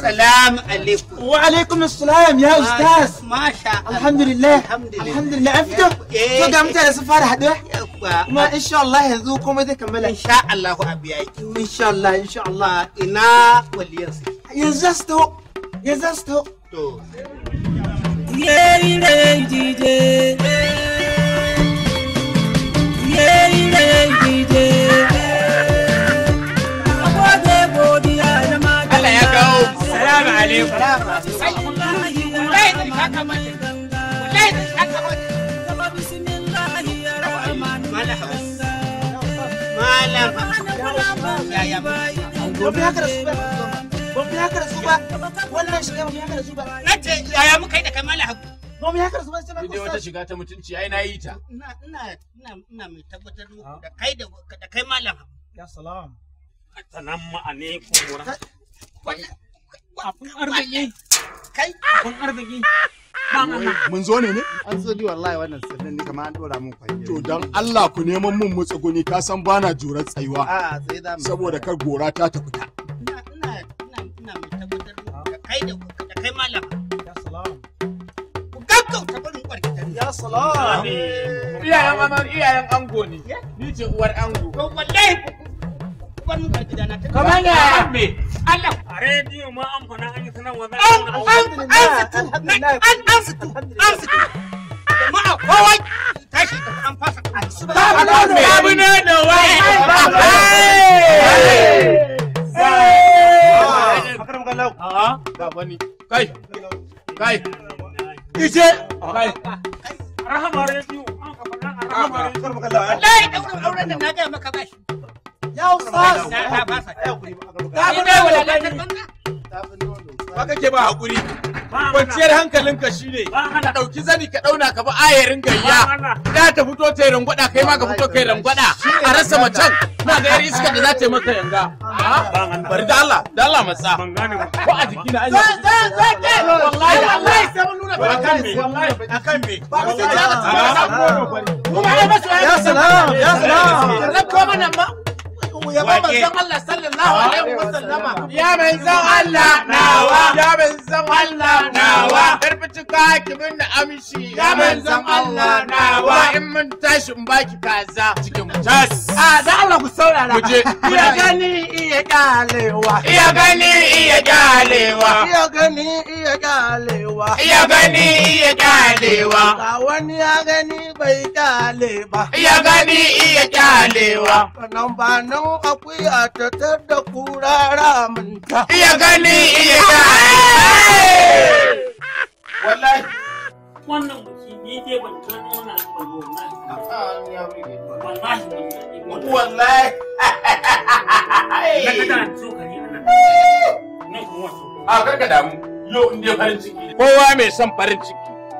سلام عليكم وعليكم السلام يا استاذ ما شاء الله الحمد لله الحمد لله افتح ايه قمت على سفاره حد ما ان شاء الله يهدوكم اذا كمل ان شاء الله ابيك ان شاء الله ان شاء الله انا واللي يزستو يزستو يا ريت جيجي alaikum. Wallahi ka kamata. Wallahi ka kamata. na wata shiga ta mutunci ai na yi ta. Ina mai tabbatar muku da kai da da kai malam hagu. Ya salam. Assalamu abun arziki kai abun arziki mun zo ne ne an zo di wallahi wannan sirrin ne kamar an dora mun kwaye to dan Allah ku neman mun mutsuguni ka san bana jurar tsayuwa a sai da saboda kar gora ta ta fita ina ina ina mai tabbatar da kai da kai malam ya salam ku gaggauta barin ya salam iyayen iyayen ango ne ni ce uwar ango wallahi bar mun kar gidana kamar ya Allah a rediyo ma an fana an yi sanarwa za a an an an an situ an situ jama'a kowa tashi an fasa babu na da babu na da wai kai kai rahama rediyo an ka rahama rediyo kar maka lawa auren da na ga maka bashi ba kake ba hakuri. kwanciyar hankalin hankalinka shine ka ɗauki zani ka ɗauna ka bi ayarin gayya da ta fito ta yi rangwada kai ma ka fito kai rangwada a rasa macen na da yari iska da za ta yi maka yanga bari da Allah da Allah matsa ko a jiki na anya zai zai ke wallahi wallahi sai mun nuna akan me akan me ba ku sai ya salam ya salam rabko mana ma mu yaba manzon Allah sallallahu alaihi wasallama ya manzon Allah nawa ya manzon Allah nawa karfici ka ki min amshi ya manzon Allah nawa in mun tashi in baki kaza cikin tas a ah, da Allah ku saurara iya gani iya kalewa iya gani iya kalewa iya gani iya kalewa iya gani iya gani ya gani bai kyale ba. Ya gani iya kyalewa. Nan ba nan akwai a tatar da kura ramunta. Ya gani iya kyale. Wallahi. Wannan buki ni dai ban gano wannan ba wallahi. Wallahi. Wallahi. Na kada tsokani nan. Nan kuma so. A karka damu. Yau in dai farin ciki. Kowa mai son farin ciki.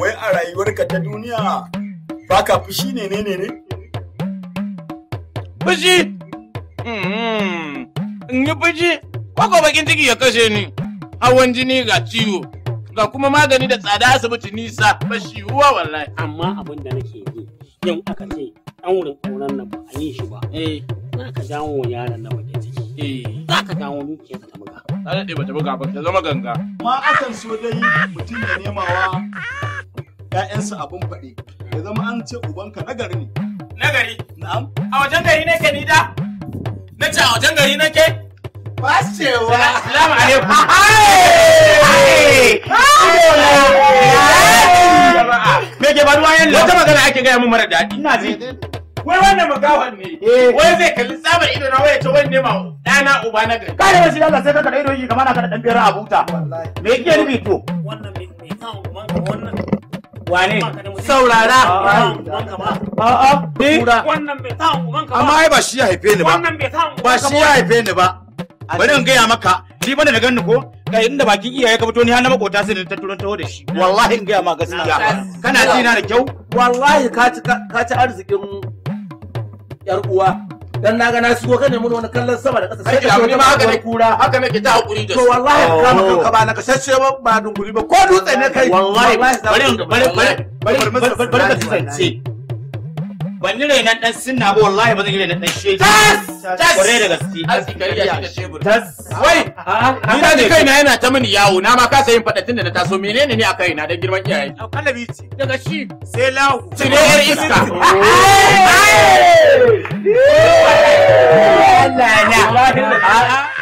wai a rayuwarka ta duniya baka fushi ne ne ne fushi hmm. in yi fushi koko bakin ciki ya kashe ni hawan jini ga ciwo ga kuma magani da tsada asibiti nisa bashi uwa wallahi amma abin da nake yi yau aka ce an wurin auren nan ba a yi shi ba eh za ka jawo yaron nan waje ciki eh. za ka jawo dukiyar ta buga ta daɗe ba ta buga ba ta zama ganga ma akan so dai mutum ya nemawa a abun faɗi ya zama an ce ubanka nagari ne nagari na'am a wajen gari nake ni da na ce a wajen gari nake cewa. salamu alaikum me ke faruwa yan wata magana ake gaya mun mara daɗi ina ji wai wannan magawan ne eh. wai zai kalli tsabar ido na waya ta wanne ma ɗana uba na gari kare wasu yalla sai ka kada ido yi kamar na kada dan biyar a buta me yake nufi to wannan me kan wannan wane saurara ni amma ai ba shi ya haife ni ba ba shi ya haife ni ba bari in gaya maka ni bane da ganni ko ga inda bakin iyaye ka fito ni har na makota sai ta turon taho da shi wallahi in gaya maka gaskiya kana ji na da kyau wallahi ka ci arzikin yar uwa dan na ga na siyo ka ne wani kallon sama da ƙasa sai ka shoni haka ne kura haka nake ta hakuri da to wallahi ka kama kanka ba na ka sasshe ba ba dunguri ba ko dutse ne kai wallahi bari bari bari bari bari bari ban ni rainan dan sunna ba wallahi ba zan yi rainan dan shege tas kware da gaske tas wai ni da ni kaina yana ta mini yawo na ma ka sayin fadatin da na taso menene ne a kaina da girman iyaye kalabi ce daga shi sai lahu cirewar iska Allah na